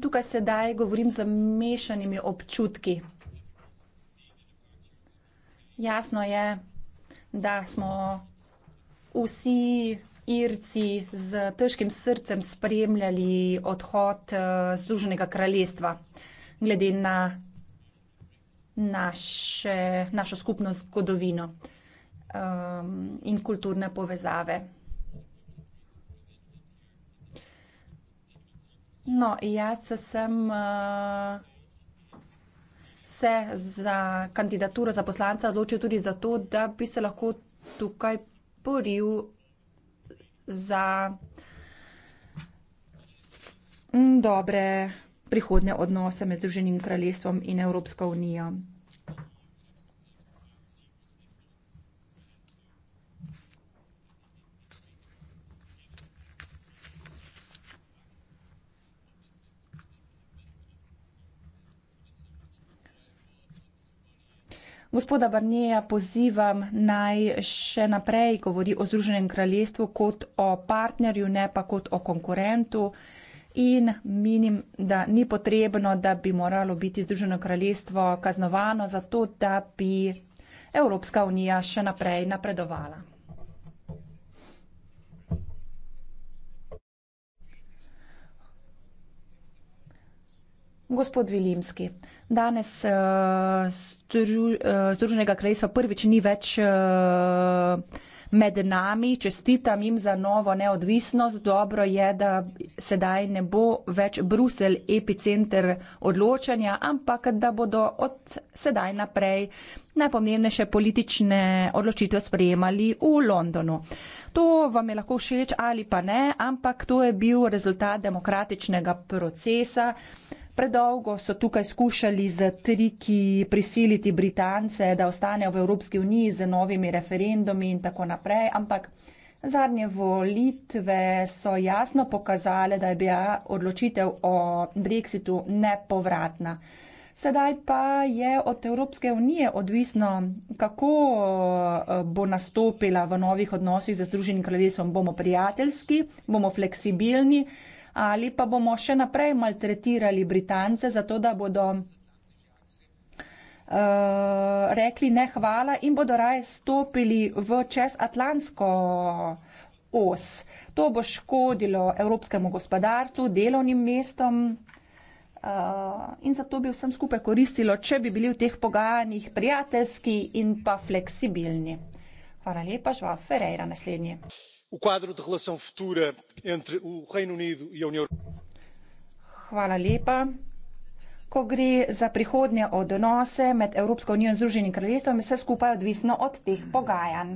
tukaj sedaj govorim z mešanimi občutki. Jasno je, da smo vsi Irci z težkim srcem spremljali odhod eh, Združenega kraljestva, glede na naše, našo skupno zgodovino um, in kulturne povezave. No, jaz sem uh, se za kandidaturo za poslanca odločil tudi zato, da bi se lahko tukaj poril za mm, dobre prihodne odnose med Združenim kraljestvom in Evropsko unijo. Gospoda Barneja pozivam naj še naprej govori o Združenem kraljestvu kot o partnerju, ne pa kot o konkurentu. In menim, da ni potrebno, da bi moralo biti Združeno kraljestvo kaznovano za to, da bi Evropska unija še naprej napredovala. Gospod Vilimski. Danes uh, Združenega uh, kraljestva prvič ni več uh, med nami. Čestitam jim za novo neodvisnost. Dobro je, da sedaj ne bo več Brusel epicenter odločanja, ampak da bodo od sedaj naprej najpomembnejše politične odločitve sprejemali v Londonu. To vam je lahko všeč ali pa ne, ampak to je bil rezultat demokratičnega procesa. Predolgo so tukaj skušali z triki prisiliti Britance, da ostanejo v Evropski uniji z novimi referendumi in tako naprej, ampak zadnje volitve so jasno pokazale, da je bila odločitev o Brexitu nepovratna. Sedaj pa je od Evropske unije odvisno, kako eh, bo nastopila v novih odnosih z Združenim kraljestvom. Bomo prijateljski, bomo fleksibilni ali pa bomo še naprej maltretirali Britance, zato da bodo uh, rekli ne hvala in bodo raje stopili v čez Atlantsko os. To bo škodilo evropskemu gospodarcu, delovnim mestom. Uh, in zato bi vsem skupaj koristilo, če bi bili v teh pogajanjih prijateljski in pa fleksibilni. Hvala lepa, Žva Ferreira, naslednji. E Hvala lepa. Ko gre za prihodnje odnose med Evropsko unijo in Združenim kraljestvom, je vse skupaj odvisno od teh pogajanj.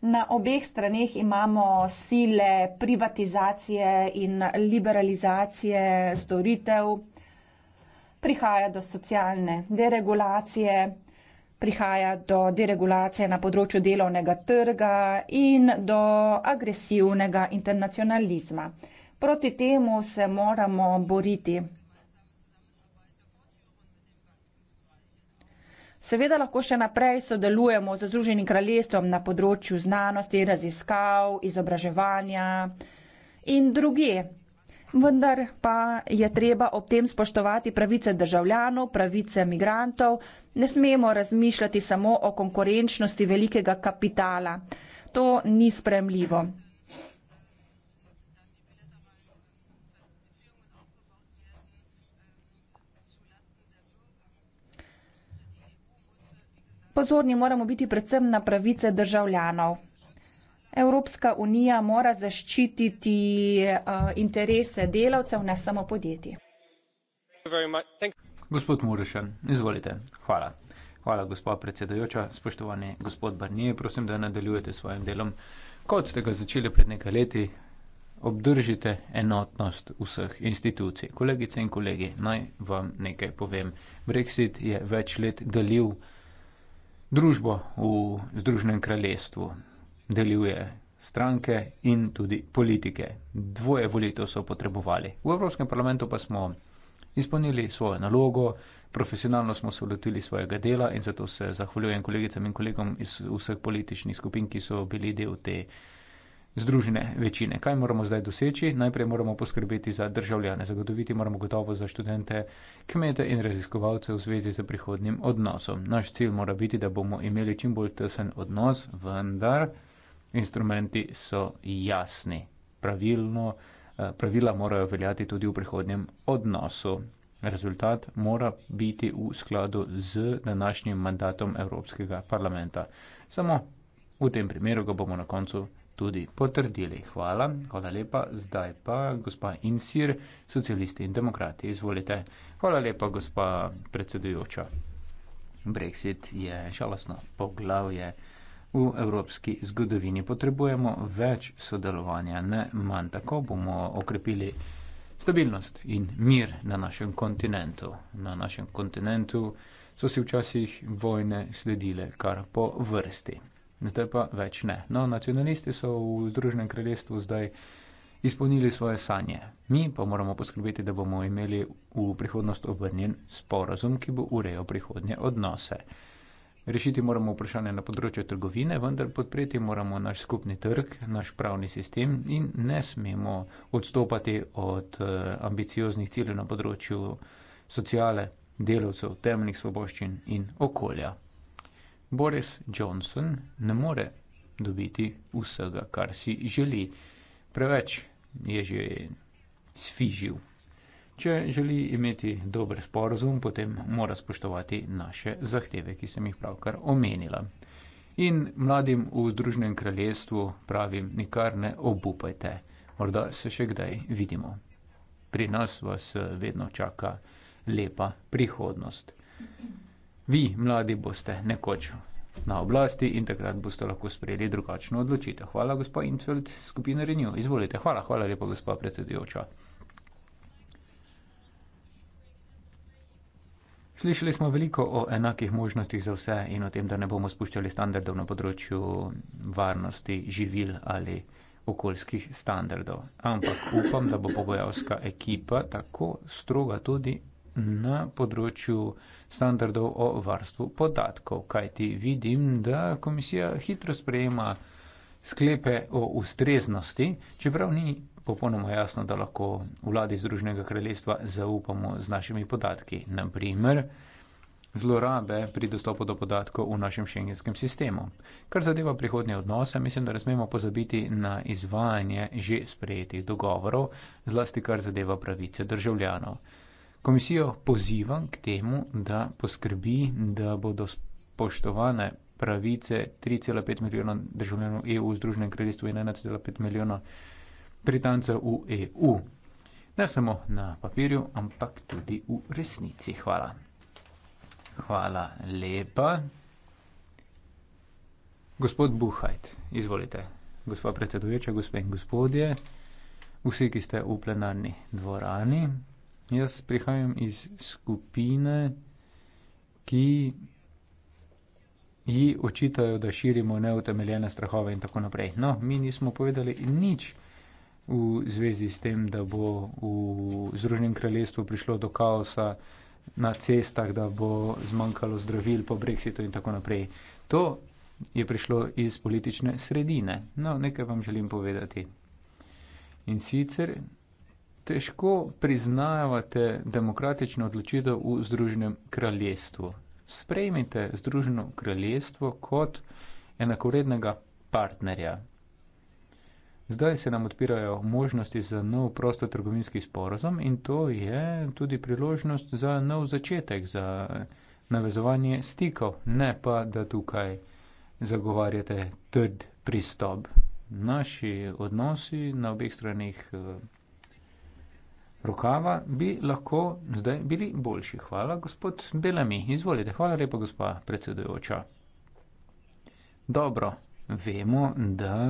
Na obeh straneh imamo sile privatizacije in liberalizacije storitev, prihaja do socialne deregulacije, prihaja do deregulacije na področju delovnega trga in do agresivnega internacionalizma. Proti temu se moramo boriti. Seveda lahko še naprej sodelujemo z Združenim kraljestvom na področju znanosti, raziskav, izobraževanja in druge vendar pa je treba ob tem spoštovati pravice državljanov, pravice migrantov. Ne smemo razmišljati samo o konkurenčnosti velikega kapitala. To ni spremljivo. Pozorni moramo biti predvsem na pravice državljanov. Evropska unija mora zaščititi uh, interese delavcev, ne samo podjetij. Gospod Murešen, izvolite. Hvala. Hvala, gospa predsedojoča. Spoštovani gospod Barnije, prosim, da nadaljujete s svojim delom. Kot ste ga začeli pred nekaj leti, obdržite enotnost vseh institucij. Kolegice in kolegi, naj vam nekaj povem. Brexit je več let delil družbo v Združenem kraljestvu deluje stranke in tudi politike. Dvoje volitev so potrebovali. V Evropskem parlamentu pa smo izpolnili svojo nalogo, profesionalno smo se lotili svojega dela in zato se zahvaljujem kolegicam in kolegom iz vseh političnih skupin, ki so bili del te združene večine. Kaj moramo zdaj doseči? Najprej moramo poskrbeti za državljane, zagotoviti moramo gotovo za študente, kmete in raziskovalce v zvezi z prihodnim odnosom. Naš cilj mora biti, da bomo imeli čim bolj tesen odnos, vendar instrumenti so jasni. Pravilno, eh, pravila morajo veljati tudi v prihodnjem odnosu. Rezultat mora biti v skladu z današnjim mandatom Evropskega parlamenta. Samo v tem primeru ga bomo na koncu tudi potrdili. Hvala, hvala lepa. Zdaj pa gospa Insir, socialisti in demokrati, izvolite. Hvala lepa, gospa predsedujoča. Brexit je žalostno poglavje. V evropski zgodovini potrebujemo več sodelovanja, ne manj tako bomo okrepili stabilnost in mir na našem kontinentu. Na našem kontinentu so si včasih vojne sledile kar po vrsti, zdaj pa več ne. No, nacionalisti so v Združenem kraljestvu zdaj izpolnili svoje sanje. Mi pa moramo poskrbeti, da bomo imeli v prihodnost obrnjen sporazum, ki bo urejal prihodnje odnose. Rešiti moramo vprašanje na področju trgovine, vendar podpreti moramo naš skupni trg, naš pravni sistem in ne smemo odstopati od eh, ambicioznih ciljev na področju sociale, delovcev, temeljnih svoboščin in okolja. Boris Johnson ne more dobiti vsega, kar si želi. Preveč je že sfižil. Če želi imeti dober sporozum, potem mora spoštovati naše zahteve, ki sem jih pravkar omenila. In mladim v Združenem kraljestvu pravim, nikar ne obupajte, morda se še kdaj vidimo. Pri nas vas eh, vedno čaka lepa prihodnost. Vi, mladi, boste nekoč na oblasti in takrat boste lahko sprejeli drugačno odločitev. Hvala, gospod Infeld, skupina Renew. Izvolite. Hvala, hvala lepa, gospod predsedujoča. Slišali smo veliko o enakih možnostih za vse in o tem, da ne bomo spuščali standardov na področju varnosti živil ali okoljskih standardov. Ampak upam, da bo pogojavska ekipa tako stroga tudi na področju standardov o varstvu podatkov, kajti vidim, da komisija hitro sprejema sklepe o ustreznosti, čeprav ni popolnoma jasno, da lahko vladi Združenega kraljestva zaupamo z našimi podatki. Naprimer, zlorabe pri dostopu do podatkov v našem šengenskem sistemu. Kar zadeva prihodnje odnose, mislim, da ne smemo pozabiti na izvajanje že sprejetih dogovorov, zlasti kar zadeva pravice državljanov. Komisijo pozivam k temu, da poskrbi, da bodo spoštovane pravice 3,5 milijona državljanov EU v Združenem kraljestvu in 1,5 milijona državljanov britanca v EU. Ne samo na papirju, ampak tudi v resnici. Hvala. Hvala lepa. Gospod Buhajt, izvolite. Gospa predsedujoča, gospe in gospodje, vsi, ki ste v plenarni dvorani. Jaz prihajam iz skupine, ki ji očitajo, da širimo neutemeljene strahove in tako naprej. No, mi nismo povedali nič v zvezi s tem, da bo v Združenem kraljestvu prišlo do kaosa na cestah, da bo zmanjkalo zdravil po brexitu in tako naprej. To je prišlo iz politične sredine. No, nekaj vam želim povedati. In sicer težko priznavate demokratično odločitev v Združenem kraljestvu. Sprejmite Združeno kraljestvo kot enakorednega partnerja. Zdaj se nam odpirajo možnosti za nov prostotrgovinski sporozum in to je tudi priložnost za nov začetek, za navezovanje stikov, ne pa da tukaj zagovarjate trd pristop. Naši odnosi na obeh stranih eh, rokava bi lahko zdaj bili boljši. Hvala, gospod Belami. Izvolite. Hvala lepa, gospa predsedujoča. Dobro, vemo, da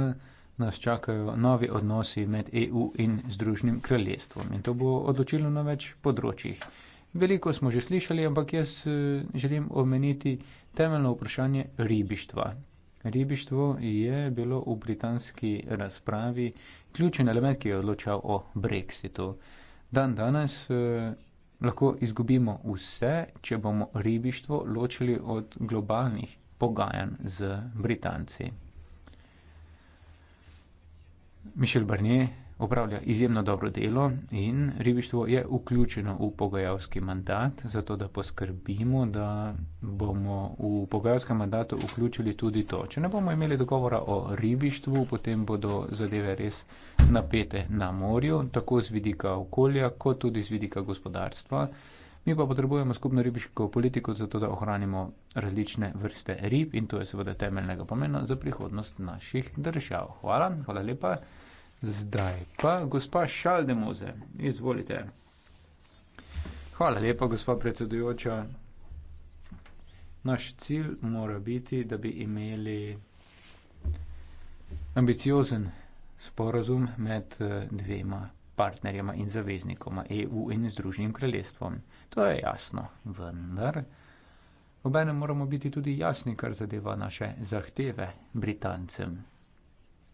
nas čakajo novi odnosi med EU in Združenim kraljestvom. In to bo odločilo na več področjih. Veliko smo že slišali, ampak jaz eh, želim omeniti temeljno vprašanje ribištva. Ribištvo je bilo v britanski razpravi ključen element, ki je odločal o brexitu. Dan danes eh, lahko izgubimo vse, če bomo ribištvo ločili od globalnih pogajanj z Britanci. Mišel Brnje opravlja izjemno dobro delo in ribištvo je vključeno v pogajalski mandat, zato da poskrbimo, da bomo v pogajalskem mandatu vključili tudi to. Če ne bomo imeli dogovora o ribištvu, potem bodo zadeve res napete na morju, tako z vidika okolja, kot tudi z vidika gospodarstva. Mi pa potrebujemo skupno ribiško politiko, zato da ohranimo različne vrste rib in to je seveda temeljnega pomena za prihodnost naših držav. Hvala, hvala lepa. Zdaj pa gospa Šaldemoze, izvolite. Hvala lepa, gospa predsedujoča. Naš cilj mora biti, da bi imeli ambiciozen sporazum med eh, dvema partnerjama in zaveznikoma EU in Združenim kraljestvom. To je jasno, vendar. Obene moramo biti tudi jasni, kar zadeva naše zahteve Britancem.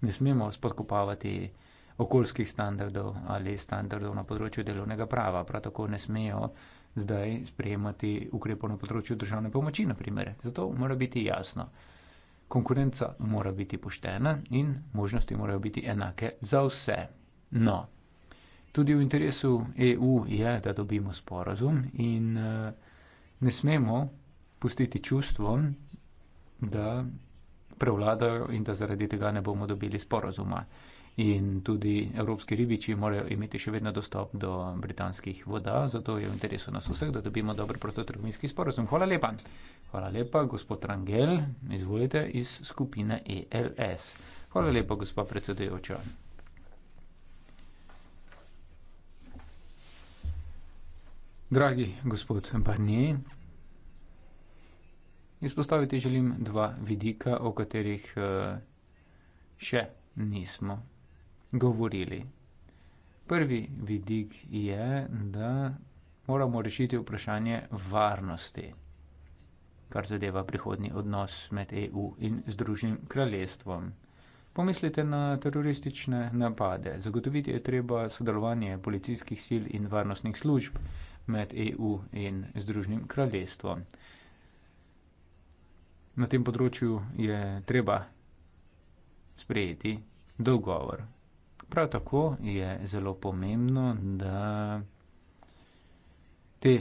Ne smemo spodkopavati okoljskih standardov ali standardov na področju delovnega prava. Prav tako ne smejo zdaj sprejemati ukrepov na področju državne pomoči, naprimer. Zato mora biti jasno. Konkurenca mora biti poštena in možnosti morajo biti enake za vse. No, tudi v interesu EU je, da dobimo sporazum in uh, ne smemo pustiti čustvom, da prevladajo in da zaradi tega ne bomo dobili sporazuma. In tudi evropski ribiči morajo imeti še vedno dostop do britanskih voda, zato je v interesu nas vseh, da dobimo dober prototrgovinski sporozum. Hvala lepa. Hvala lepa, gospod Rangel, izvolite iz skupine ELS. Hvala lepa, gospod predsedujoča. Dragi gospod Barnier, izpostaviti želim dva vidika, o katerih eh, še nismo govorili. Prvi vidik je, da moramo rešiti vprašanje varnosti, kar zadeva prihodni odnos med EU in Združenim kraljestvom. Pomislite na teroristične napade. Zagotoviti je treba sodelovanje policijskih sil in varnostnih služb med EU in Združnim kraljestvom. Na tem področju je treba sprejeti dogovor. Prav tako je zelo pomembno, da te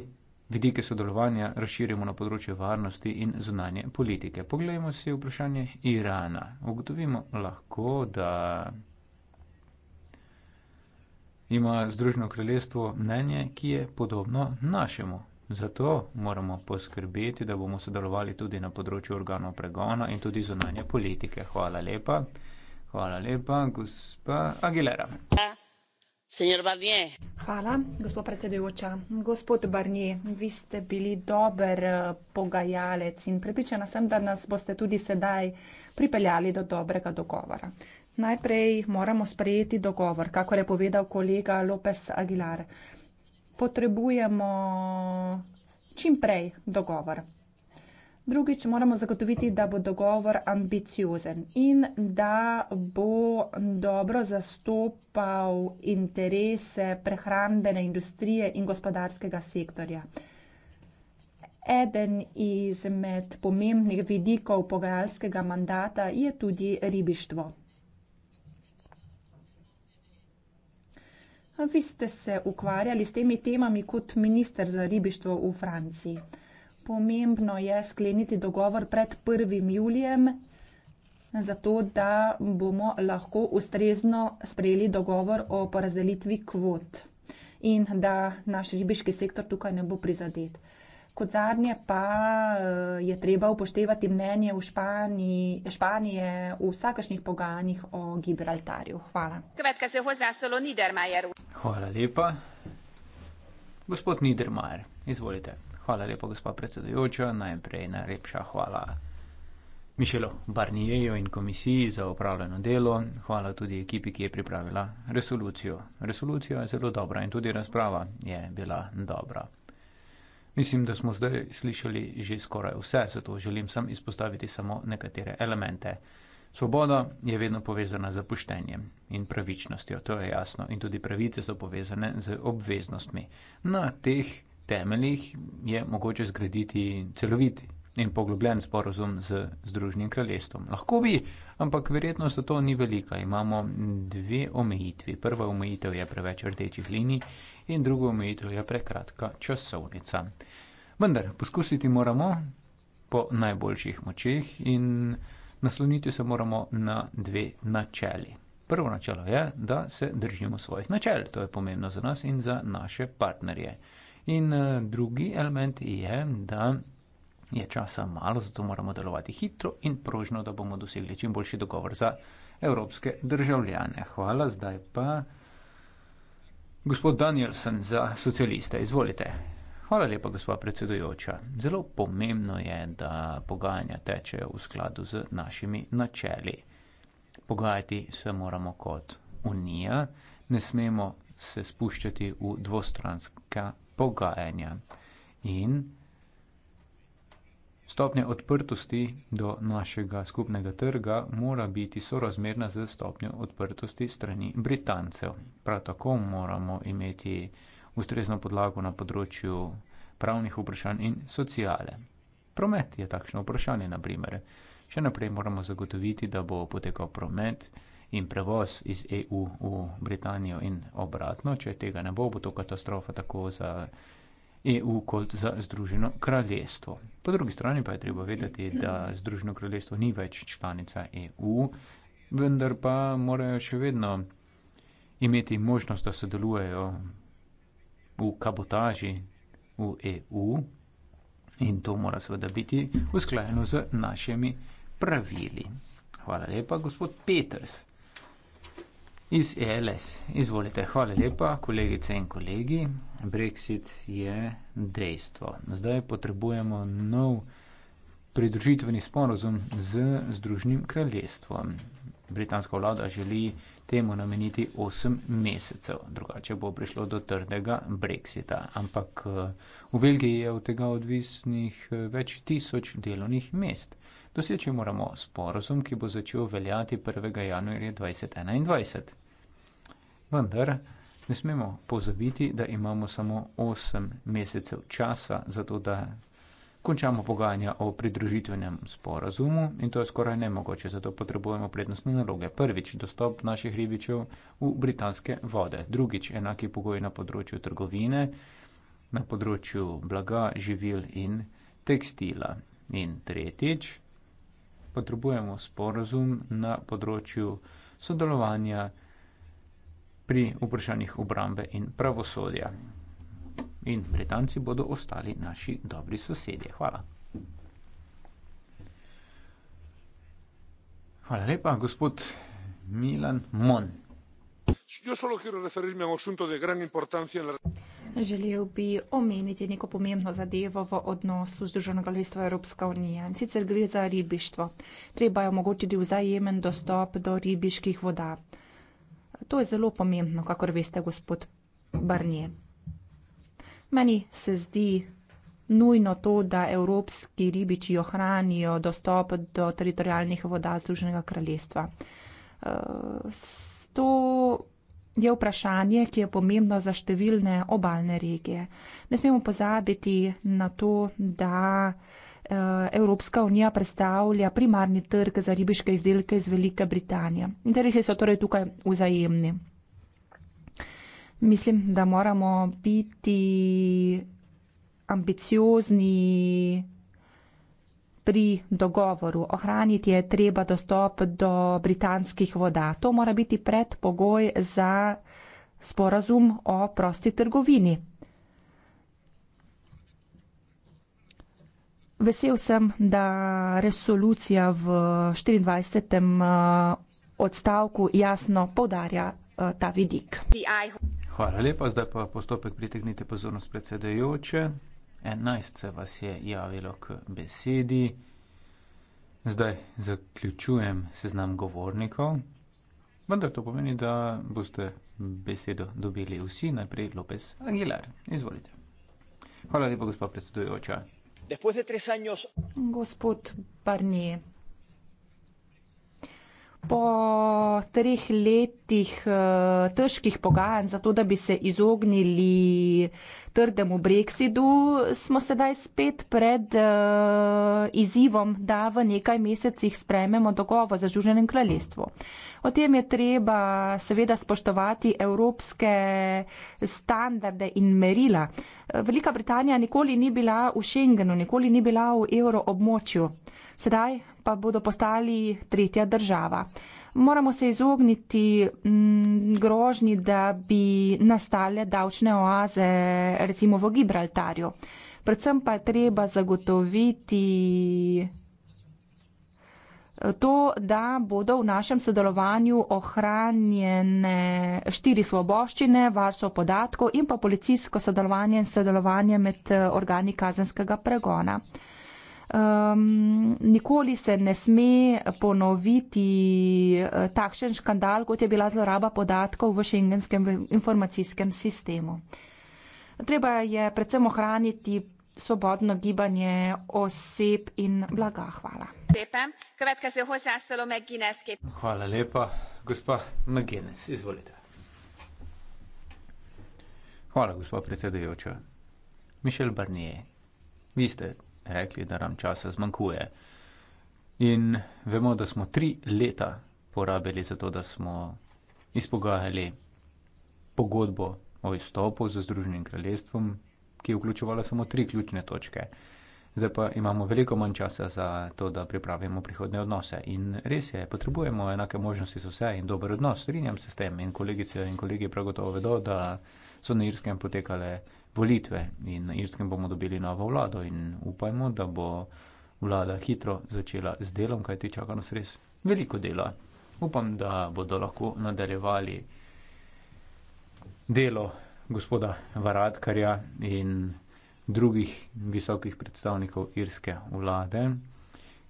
vidike sodelovanja razširimo na področje varnosti in zunanje politike. Poglejmo si vprašanje Irana. Ugotovimo lahko, da ima Združeno kraljestvo mnenje, ki je podobno našemu. Zato moramo poskrbeti, da bomo sodelovali tudi na področju organov pregona in tudi zunanje politike. Hvala lepa. Hvala lepa, gospa Aguilera. Hvala, gospod predsedujoča. Gospod Barnier, vi ste bili dober eh, pogajalec in prepričana sem, da nas boste tudi sedaj pripeljali do dobrega dogovora najprej moramo sprejeti dogovor, kako je povedal kolega Lopes Aguilar. Potrebujemo čim prej dogovor. Drugič, moramo zagotoviti, da bo dogovor ambiciozen in da bo dobro zastopal interese prehrambene industrije in gospodarskega sektorja. Eden izmed pomembnih vidikov pogajalskega mandata je tudi ribištvo. Vi ste se ukvarjali s temi temami kot minister za ribištvo v Franciji. Pomembno je skleniti dogovor pred 1. julijem, zato da bomo lahko ustrezno sprejeli dogovor o porazdelitvi kvot in da naš ribiški sektor tukaj ne bo prizadet kot zadnje pa eh, je treba upoštevati mnenje v Španiji, Španije v vsakašnih pogajanjih o Gibraltarju. Hvala. Hvala lepa. Gospod Niedermayer, izvolite. Hvala lepa, gospod predsedujoča. Najprej najlepša hvala Mišelu Barnijeju in komisiji za upravljeno delo. Hvala tudi ekipi, ki je pripravila resolucijo. Resolucija je zelo dobra in tudi razprava je bila dobra. Mislim, da smo zdaj slišali že skoraj vse, zato želim sem izpostaviti samo nekatere elemente. Svoboda je vedno povezana z poštenjem in pravičnostjo, to je jasno, in tudi pravice so povezane z obveznostmi. Na teh temeljih je mogoče zgraditi celovit in poglobljen sporozum z Združenim kraljestvom. Lahko bi, ampak verjetnost za to ni velika. Imamo dve omejitvi. Prva omejitev je preveč rdečih linij in druga omejitev je prekratka časovnica. Vendar poskusiti moramo po najboljših močeh in nasloniti se moramo na dve načeli. Prvo načelo je, da se držimo svojih načel. To je pomembno za nas in za naše partnerje. In eh, drugi element je, da je časa malo, zato moramo delovati hitro in prožno, da bomo dosegli čim boljši dogovor za evropske državljane. Hvala, zdaj pa gospod Danielson za socialiste. Izvolite. Hvala lepa, gospod predsedujoča. Zelo pomembno je, da pogajanja tečejo v skladu z našimi načeli. Pogajati se moramo kot unija, ne smemo se spuščati v dvostranska pogajanja. In Stopnja odprtosti do našega skupnega trga mora biti sorazmerna z stopnjo odprtosti strani Britancev. Prav tako moramo imeti ustrezno podlago na področju pravnih vprašanj in sociale. Promet je takšno vprašanje, na primer. Še naprej moramo zagotoviti, da bo potekal promet in prevoz iz EU v Britanijo in obratno. Če tega ne bo, bo to katastrofa tako za EU kot za Združeno kraljestvo. Po drugi strani pa je treba vedeti, da Združeno kraljestvo ni več članica EU, vendar pa morajo še vedno imeti možnost, da sodelujejo v kabotaži v EU in to mora seveda biti usklajeno z našimi pravili. Hvala lepa, gospod Peters. Iz ELS, izvolite, hvala lepa, kolegice in kolegi. Brexit je dejstvo. Zdaj potrebujemo nov pridružitveni sporozum z Združenim kraljestvom. Britanska vlada želi temu nameniti 8 mesecev, drugače bo prišlo do trdega brexita. Ampak eh, v Belgiji je od tega odvisnih eh, več tisoč delovnih mest. Doseči moramo sporozum, ki bo začel veljati 1. januarja 2021. Vendar ne smemo pozabiti, da imamo samo 8 mesecev časa za to, da končamo pogajanja o pridružitvenem sporazumu in to je skoraj nemogoče, zato potrebujemo prednostne naloge. Prvič, dostop naših ribičev v britanske vode. Drugič, enaki pogoji na področju trgovine, na področju blaga, živil in tekstila. In tretjič, potrebujemo sporazum na področju sodelovanja pri vprašanjih obrambe in pravosodja. In Britanci bodo ostali naši dobri sosedje. Hvala. Hvala lepa, gospod Milan Mon. Želel bi omeniti neko pomembno zadevo v odnosu z Združenega ljudstva Evropska unija. Sicer gre za ribištvo. Treba je omogočiti vzajemen dostop do ribiških voda. To je zelo pomembno, kakor veste, gospod Barnier. Meni se zdi nujno to, da evropski ribiči ohranijo dostop do teritorijalnih voda Združenega kraljestva. Eh, to je vprašanje, ki je pomembno za številne obalne regije. Ne smemo pozabiti na to, da. Eh, Evropska unija predstavlja primarni trg za ribiške izdelke iz Velike Britanije. Interesi so torej tukaj vzajemni. Mislim, da moramo biti ambiciozni pri dogovoru. Ohraniti je treba dostop do britanskih voda. To mora biti predpogoj za sporazum o prosti trgovini. Vesel sem, da resolucija v 24. Eh, odstavku jasno podarja eh, ta vidik. Hvala lepa, zdaj pa postopek pritegnite pozornost predsedajoče. 11 se vas je javilo k besedi. Zdaj zaključujem seznam govornikov. Vendar to pomeni, da boste besedo dobili vsi, najprej Lopes Aguilar. Izvolite. Hvala lepa, gospod predsedujoča gospod Barnier. Po treh letih eh, težkih pogajanj, zato da bi se izognili trdemu brexitu, smo sedaj spet pred eh, izzivom, da v nekaj mesecih sprememo dogovor za Združenem kraljestvu. O tem je treba seveda spoštovati evropske standarde in merila. Velika Britanija nikoli ni bila v Schengenu, nikoli ni bila v evroobmočju. Sedaj pa bodo postali tretja država. Moramo se izogniti mm, grožni, da bi nastale davčne oaze, recimo v Gibraltarju. Predvsem pa je treba zagotoviti to, da bodo v našem sodelovanju ohranjene štiri svoboščine, varstvo podatkov in pa policijsko sodelovanje in sodelovanje med eh, organi kazenskega pregona. Um, nikoli se ne sme ponoviti eh, takšen škandal, kot je bila zloraba podatkov v šengenskem informacijskem sistemu. Treba je predvsem ohraniti svobodno gibanje oseb in blaga. Hvala. Hvala, gospa predsedujoča. Michel Barnier, vi ste rekli, da nam časa zmanjkuje. In vemo, da smo tri leta porabili za to, da smo izpogajali pogodbo o izstopu z Združenim kraljestvom, ki je vključovala samo tri ključne točke zdaj pa imamo veliko manj časa za to, da pripravimo prihodne odnose. In res je, potrebujemo enake možnosti za vse in dober odnos. Strinjam se s tem in kolegice in kolegi prav gotovo vedo, da so na Irskem potekale volitve in na Irskem bomo dobili novo vlado in upajmo, da bo vlada hitro začela z delom, kaj ti čaka nas res veliko dela. Upam, da bodo lahko nadaljevali delo gospoda Varadkarja in drugih visokih predstavnikov irske vlade,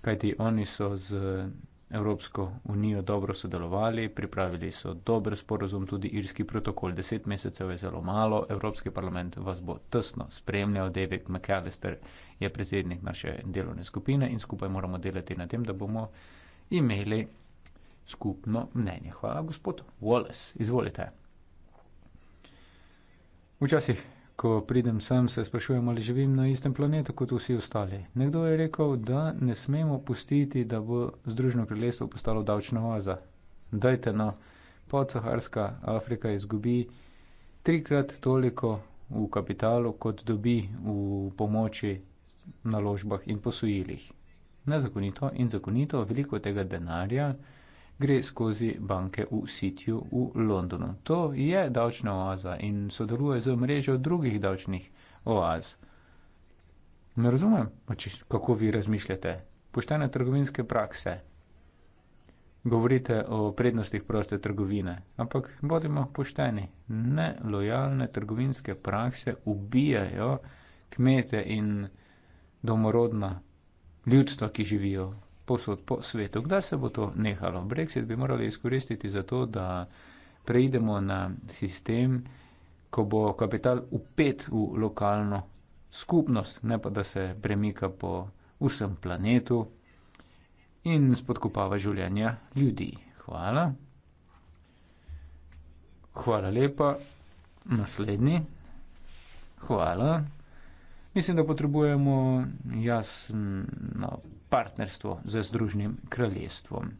kajti oni so z Evropsko unijo dobro sodelovali, pripravili so dober sporozum, tudi irski protokol. Deset mesecev je zelo malo, Evropski parlament vas bo tesno spremljal, David McAllister je predsednik naše delovne skupine in skupaj moramo delati na tem, da bomo imeli skupno mnenje. Hvala, gospod Wallace, izvolite. Včasih ko pridem sem, se sprašujem, ali živim na istem planetu kot vsi ostali. Nekdo je rekel, da ne smemo pustiti, da bo Združeno kraljestvo postalo davčna oaza. Dajte no, podsaharska Afrika izgubi trikrat toliko v kapitalu, kot dobi v pomoči naložbah in posojilih. Nezakonito in zakonito veliko tega denarja gre skozi banke v Sitiju v Londonu. To je davčna oaza in sodeluje z mrežo drugih davčnih oaz. Ne razumem, kako vi razmišljate. Poštene trgovinske prakse. Govorite o prednostih proste trgovine, ampak bodimo pošteni. Nelojalne trgovinske prakse ubijajo kmete in domorodna ljudstva, ki živijo posod po svetu. Kdaj se bo to nehalo? Brexit bi morali izkoristiti za to, da preidemo na sistem, ko bo kapital upet v lokalno skupnost, ne pa da se premika po vsem planetu in spodkopava življenja ljudi. Hvala. Hvala lepa. Naslednji. Hvala. Mislim, da potrebujemo jasno partnerstvo z Združenim kraljestvom.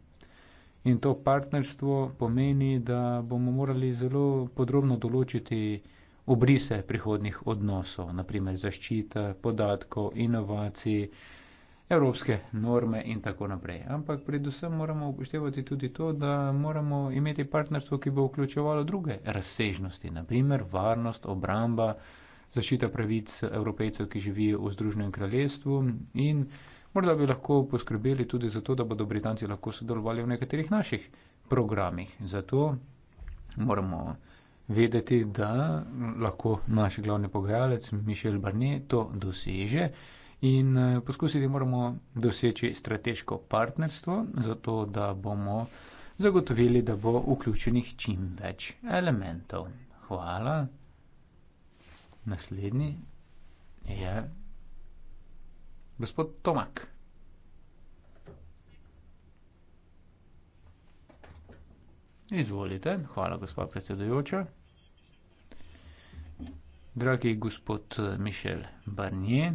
In to partnerstvo pomeni, da bomo morali zelo podrobno določiti obrise prihodnih odnosov, naprimer zaščita podatkov, inovacij, evropske norme in tako naprej. Ampak predvsem moramo upoštevati tudi to, da moramo imeti partnerstvo, ki bo vključevalo druge razsežnosti, naprimer varnost, obramba, zaščita pravic evropejcev, ki živijo v Združenem kraljestvu in Morda bi lahko poskrbeli tudi za to, da bodo Britanci lahko sodelovali v nekaterih naših programih. Zato moramo vedeti, da lahko naš glavni pogajalec Mišel Barnet to doseže in eh, poskusiti moramo doseči strateško partnerstvo, zato da bomo zagotovili, da bo vključenih čim več elementov. Hvala. Naslednji je. Yeah. Gospod Tomak. Izvolite. Hvala, gospod predsedujoča. Dragi gospod eh, Mišel Barnier.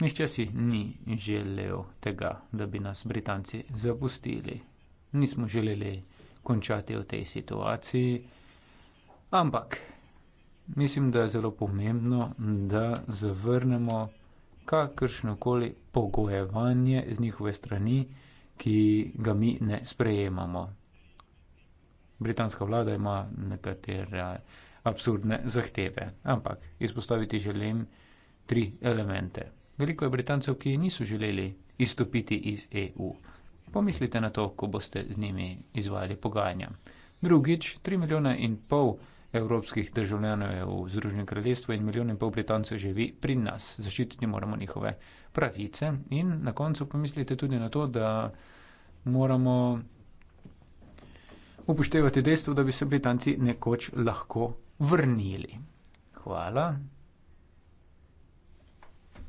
Nihče si ni želel tega, da bi nas Britanci zapustili. Nismo želeli končati v tej situaciji. Ampak mislim, da je zelo pomembno, da zavrnemo kakršno koli pogojevanje z njihove strani, ki ga mi ne sprejemamo. Britanska vlada ima nekatere absurdne zahteve, ampak izpostaviti želim tri elemente. Veliko je Britancev, ki niso želeli izstopiti iz EU. Pomislite na to, ko boste z njimi izvajali pogajanja. Drugič, 3 milijona in pol evropskih državljanov je v Združenem kraljestvu in milijon in pol Britancev živi pri nas. Zaščititi moramo njihove pravice in na koncu pomislite tudi na to, da moramo upoštevati dejstvo, da bi se Britanci nekoč lahko vrnili. Hvala.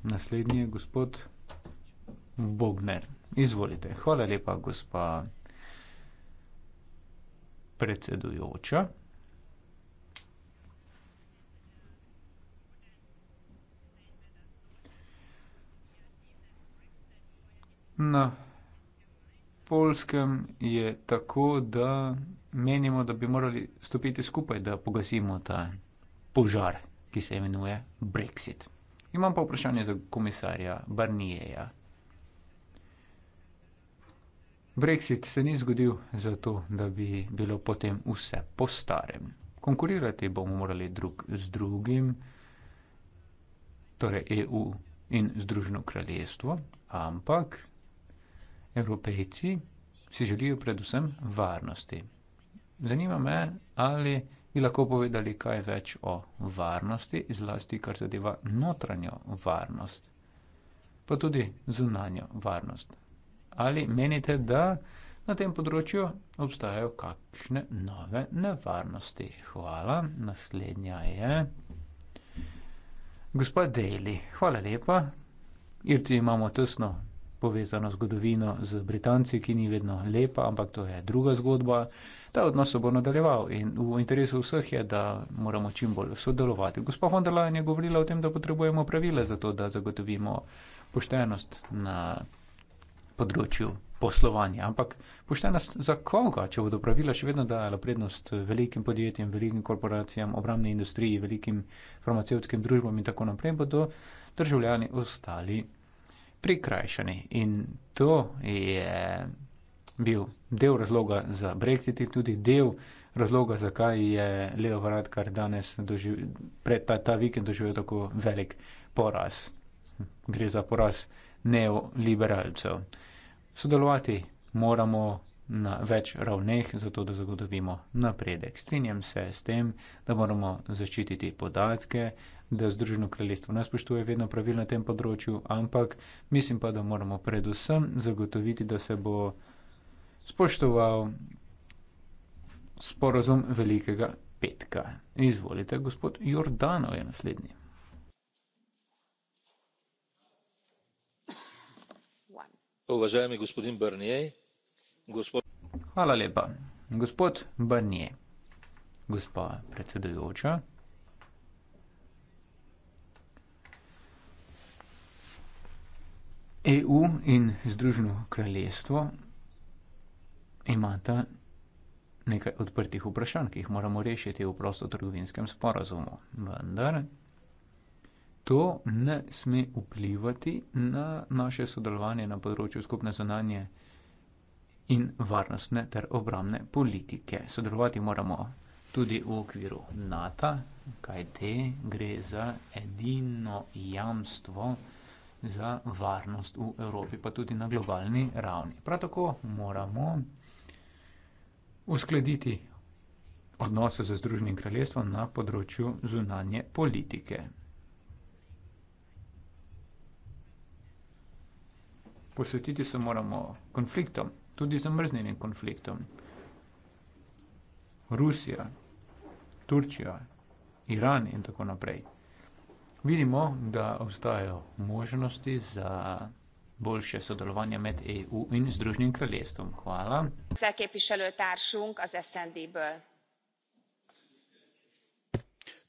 Naslednji je gospod Bogner. Izvolite. Hvala lepa, gospa predsedujoča. Na Poljskem je tako, da menimo, da bi morali stopiti skupaj, da pogasimo ta požar, ki se imenuje Brexit. Imam pa vprašanje za komisarja Barnijeja. Brexit se ni zgodil zato, da bi bilo potem vse po starem. Konkurirati bomo morali drug z drugim, torej EU in Združeno kraljestvo, ampak Evropejci si želijo predvsem varnosti. Zanima me, ali bi lahko povedali kaj več o varnosti, zlasti kar zadeva notranjo varnost, pa tudi zunanjo varnost. Ali menite, da na tem področju obstajajo kakšne nove nevarnosti? Hvala, naslednja je. Gospod Deli, hvala lepa. Irci imamo tesno povezano zgodovino z Britanci, ki ni vedno lepa, ampak to je druga zgodba. Ta odnos se bo nadaljeval in v interesu vseh je, da moramo čim bolj sodelovati. Gospa von der Leyen je govorila o tem, da potrebujemo pravile za to, da zagotovimo poštenost na področju poslovanja. Ampak poštenost za koga, če bodo pravila še vedno dajala prednost velikim podjetjem, velikim korporacijam, obramni industriji, velikim farmacevskim družbam in tako naprej, bodo državljani ostali prikrajšani. In to je bil del razloga za Brexit, tudi del razloga, zakaj je Leo Varad, kar danes doživ, pred ta, ta vikend doživel tako velik poraz. Gre za poraz neoliberalcev. Sodelovati moramo na več ravneh, zato da zagotovimo napredek. Strinjam se s tem, da moramo zaščititi podatke, da Združeno kraljestvo ne spoštuje vedno pravil na tem področju, ampak mislim pa, da moramo predvsem zagotoviti, da se bo spoštoval sporozum velikega petka. Izvolite, gospod Jordano je naslednji. Uvaženi gospodin Brnjej, gospod. Hvala lepa. Gospod Brnjej, gospa predsedujoča. EU in Združeno kraljestvo imata nekaj odprtih vprašanj, ki jih moramo rešiti v prostotrgovinskem sporazumu. Vendar to ne sme vplivati na naše sodelovanje na področju skupne zonanje in varnostne ter obramne politike. Sodelovati moramo tudi v okviru NATO, kaj te gre za edino jamstvo, za varnost v Evropi, pa tudi na globalni ravni. Prav tako moramo uskladiti odnose z Združenim kraljestvom na področju zunanje politike. Posvetiti se moramo konfliktom, tudi zamrznjenim konfliktom. Rusija, Turčija, Iran in tako naprej. Vidimo, da obstajajo možnosti za boljše sodelovanje med EU in Združenim kraljestvom. Hvala.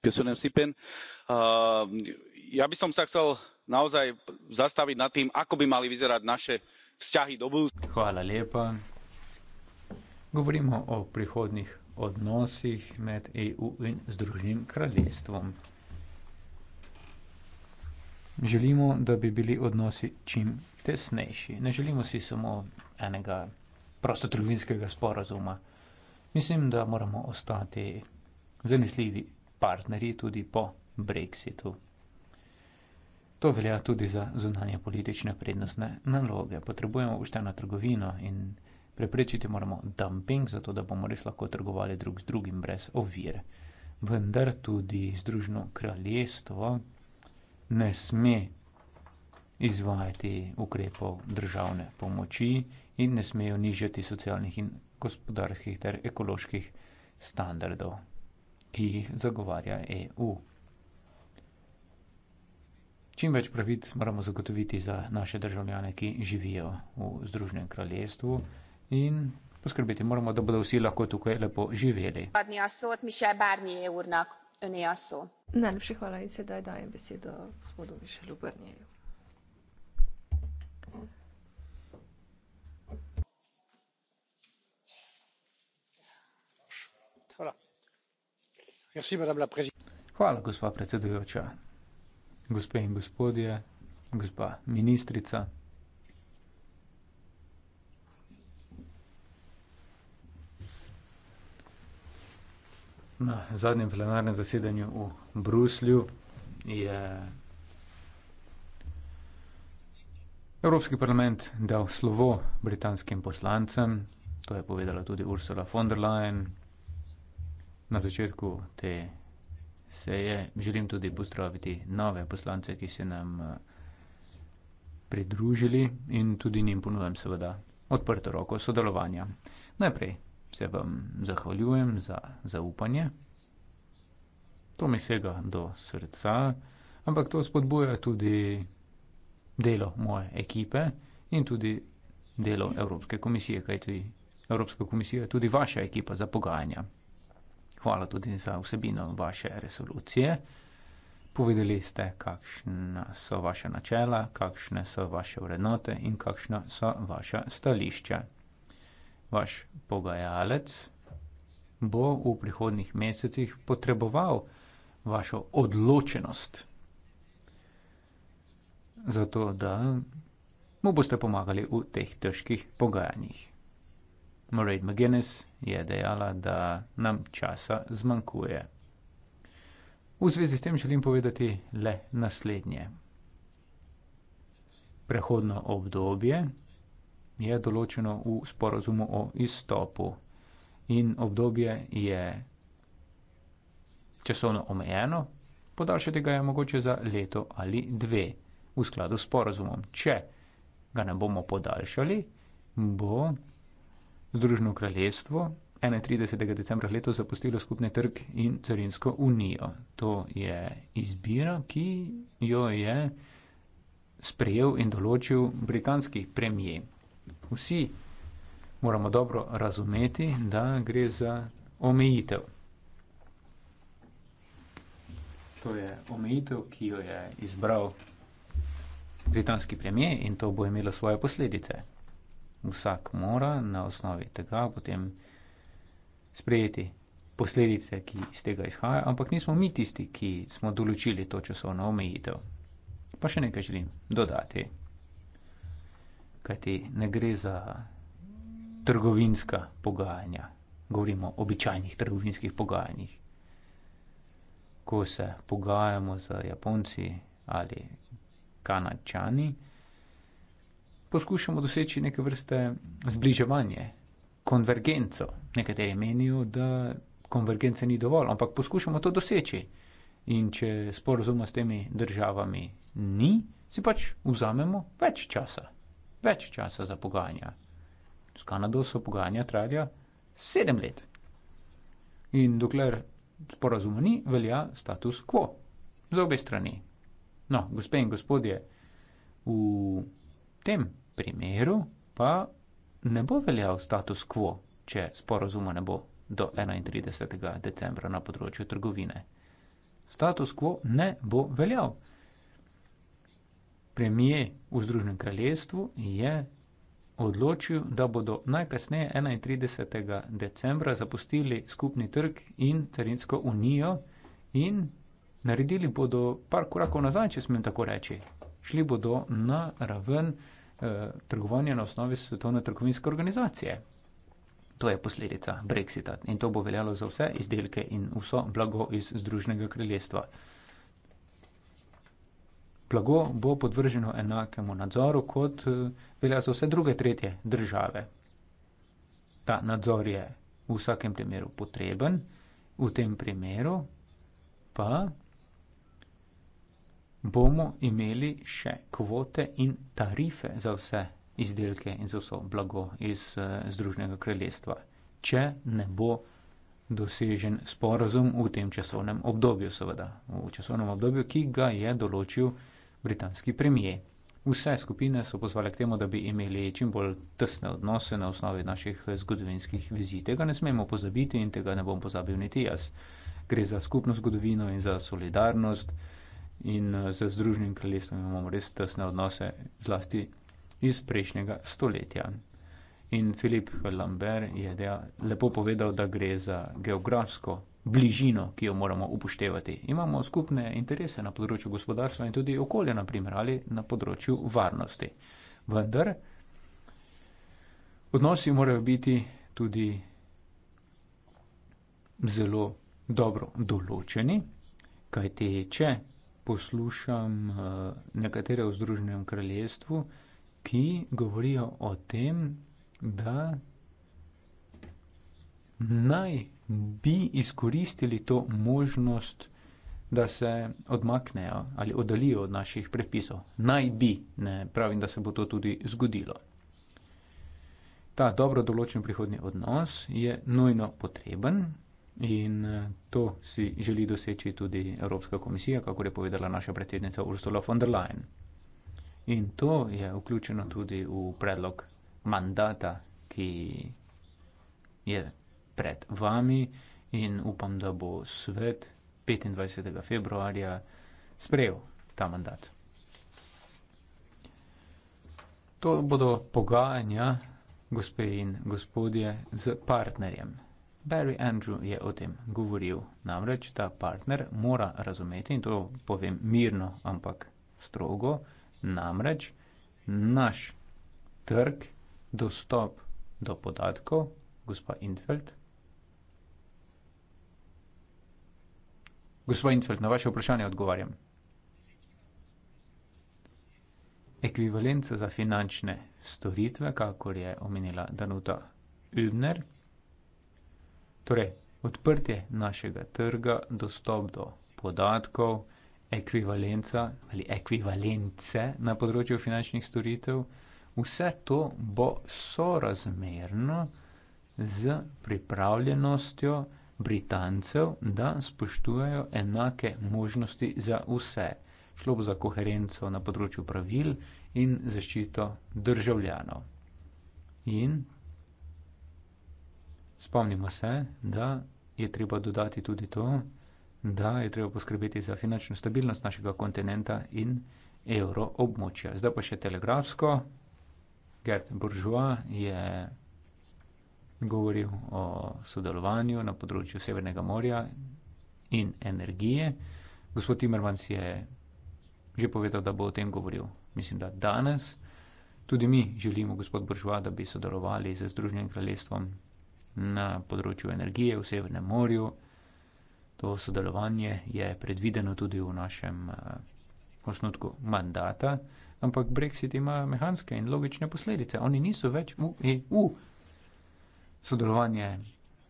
Ďakujem sipen. Uh, ja by som sa chcel naozaj zastaviť nad tým, ako by mali vyzerať naše vzťahy do budúcnosti. Hvala lepa. Govorimo o prichodných odnosih med EU in Združenim kraljestvom. Želimo, da bi bili odnosi čim tesnejši. Ne želimo si samo enega prostotrgovinskega sporazuma. Mislim, da moramo ostati zanesljivi partnerji tudi po Brexitu. To velja tudi za zunanje politične prednostne naloge. Potrebujemo ušteno trgovino in preprečiti moramo dumping, zato da bomo res lahko trgovali drug z drugim brez ovir. Vendar tudi Združeno kraljestvo, ne sme izvajati ukrepov državne pomoči in ne smejo nižati socialnih in gospodarskih ter ekoloških standardov, ki jih zagovarja EU. Čim več pravic moramo zagotoviti za naše državljane, ki živijo v Združenem kraljestvu in poskrbeti moramo, da bodo vsi lahko tukaj lepo živeli. Zadnja sod mi še barni je urnak. NEASO. Najlepša hvala in sedaj dajem besedo gospodu Mišelu Brnjeju. Hvala, gospa predsedujoča. Gospe in gospodje, gospa ministrica. Na zadnjem plenarnem zasedanju v Bruslju je Evropski parlament dal slovo britanskim poslancem, to je povedala tudi Ursula von der Leyen. Na začetku te seje želim tudi pozdraviti nove poslance, ki se nam eh, pridružili in tudi njim ponujem seveda odprto roko sodelovanja. Najprej se vam zahvaljujem za zaupanje. To mi sega do srca, ampak to spodbuja tudi delo moje ekipe in tudi delo Evropske komisije, kajti Evropska komisija je tudi vaša ekipa za pogajanja. Hvala tudi za vsebino vaše resolucije. Povedali ste, kakšna so vaše načela, kakšne so vaše vrednote in kakšna so vaše stališče vaš pogajalec bo v prihodnih mesecih potreboval vašo odločenost, zato da mu boste pomagali v teh težkih pogajanjih. Moraid McGuinness je dejala, da nam časa zmanjkuje. V zvezi s tem želim povedati le naslednje. Prehodno obdobje je določeno v sporozumu o izstopu in obdobje je časovno omejeno, podaljšati ga je mogoče za leto ali dve v skladu s sporozumom. Če ga ne bomo podaljšali, bo Združeno kraljestvo 31. decembra leto zapustilo skupni trg in carinsko unijo. To je izbira, ki jo je sprejel in določil britanski premijer vsi moramo dobro razumeti, da gre za omejitev. To je omejitev, ki jo je izbral britanski premije in to bo imelo svoje posledice. Vsak mora na osnovi tega potem sprejeti posledice, ki iz tega izhaja, ampak nismo mi tisti, ki smo določili to časovno omejitev. Pa še nekaj želim dodati kajti ne gre za trgovinska pogajanja, govorimo o običajnih trgovinskih pogajanjih. Ko se pogajamo z Japonci ali Kanačani, poskušamo doseči neke vrste zbliževanje, konvergenco. Nekateri menijo, da konvergence ni dovolj, ampak poskušamo to doseči. In če sporozuma s temi državami ni, si pač vzamemo več časa več časa za pogajanja. S Kanado so pogajanja trajala sedem let. In dokler sporazuma ni, velja status quo za obe strani. No, gospe in gospodje, v tem primeru pa ne bo veljal status quo, če sporazuma ne bo do 31. decembra na področju trgovine. Status quo ne bo veljal premijer v Združenem kraljestvu je odločil, da bodo najkasneje 31. decembra zapustili skupni trg in carinsko unijo in naredili bodo par korakov nazaj, če smem tako reči. Šli bodo na raven eh, trgovanja na osnovi svetovne trgovinske organizacije. To je posledica brexita in to bo veljalo za vse izdelke in vso blago iz Združenega kraljestva blago bo podvrženo enakemu nadzoru, kot eh, velja za vse druge tretje države. Ta nadzor je v vsakem primeru potreben, v tem primeru pa bomo imeli še kvote in tarife za vse izdelke in za vso blago iz eh, Združenega kraljestva, če ne bo dosežen sporazum v tem časovnem obdobju, seveda, v časovnem obdobju, ki ga je določil britanski premije. Vse skupine so pozvali k temu, da bi imeli čim bolj tesne odnose na osnovi naših eh, zgodovinskih vizij. Tega ne smemo pozabiti in tega ne bom pozabil niti jaz. Gre za skupno zgodovino in za solidarnost in eh, z Združenim kraljestvom imamo res tesne odnose, zlasti iz prejšnjega stoletja. In Filip Lambert je lepo povedal, da gre za geografsko bližino, ki jo moramo upoštevati. Imamo skupne interese na področju gospodarstva in tudi okolja, naprimer, ali na področju varnosti. Vendar odnosi morajo biti tudi zelo dobro določeni, kajte če poslušam eh, nekatere v Združenem kraljestvu, ki govorijo o tem, da naj bi izkoristili to možnost, da se odmaknejo ali oddalijo od naših predpisov. Naj bi, ne pravim, da se bo to tudi zgodilo. Ta dobro določen prihodni odnos je nujno potreben in to si želi doseči tudi Evropska komisija, kako je povedala naša predsednica Ursula von der Leyen. In to je vključeno tudi v predlog mandata, ki je pred vami in upam, da bo svet 25. februarja sprejel ta mandat. To bodo pogajanja, gospe in gospodje, z partnerjem. Barry Andrew je o tem govoril. Namreč ta partner mora razumeti, in to povem mirno, ampak strogo, namreč naš trg, dostop do podatkov, gospa Intfeld, Gospod Infeld, na vaše vprašanje odgovarjam. Ekvivalenca za finančne storitve, kakor je omenila Danuta Übner, torej odprtje našega trga, dostop do podatkov, ekvivalenca ali ekvivalence na področju finančnih storitev, vse to bo sorazmerno z pripravljenostjo Britancev, da spoštujejo enake možnosti za vse. Šlo bo za koherenco na področju pravil in zaščito državljanov. In spomnimo se, da je treba dodati tudi to, da je treba poskrbeti za finančno stabilnost našega kontinenta in evroobmočja. Zdaj pa še telegrafsko. Gert Buržua je govoril o sodelovanju na področju Severnega morja in energije. Gospod Timerman si je že povedal, da bo o tem govoril. Mislim, da danes tudi mi želimo, gospod Buržva, da bi sodelovali z Združenim kraljestvom na področju energije v Severnem morju. To sodelovanje je predvideno tudi v našem uh, osnutku mandata, ampak Brexit ima mehanske in logične posledice. Oni niso več v EU sodelovanje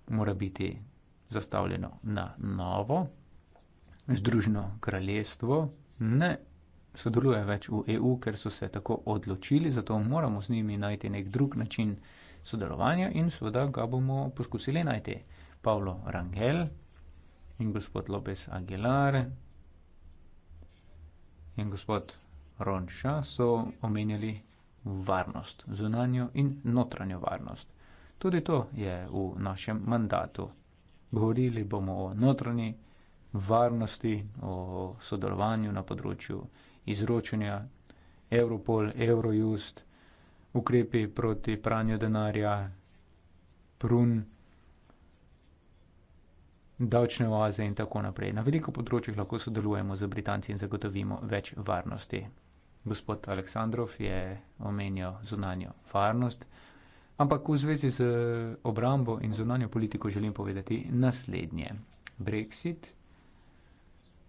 mora biti zastavljeno na novo. Združeno kraljestvo ne sodeluje več v EU, ker so se tako odločili, zato moramo z njimi najti nek drug način sodelovanja in seveda ga bomo poskusili najti. Pavlo Rangel in gospod Lopez Aguilar in gospod Ronša so omenjali varnost, zunanjo in notranjo varnost. Tudi to je v našem mandatu. Govorili bomo o notranji varnosti, o sodelovanju na področju izročanja Europol, Eurojust, ukrepi proti pranju denarja, prun, davčne oaze in tako naprej. Na veliko področjih lahko sodelujemo z Britanci in zagotovimo več varnosti. Gospod Aleksandrov je omenjal zunanjo varnost, Ampak v zvezi z obrambo in zunanjo politiko želim povedati naslednje. Brexit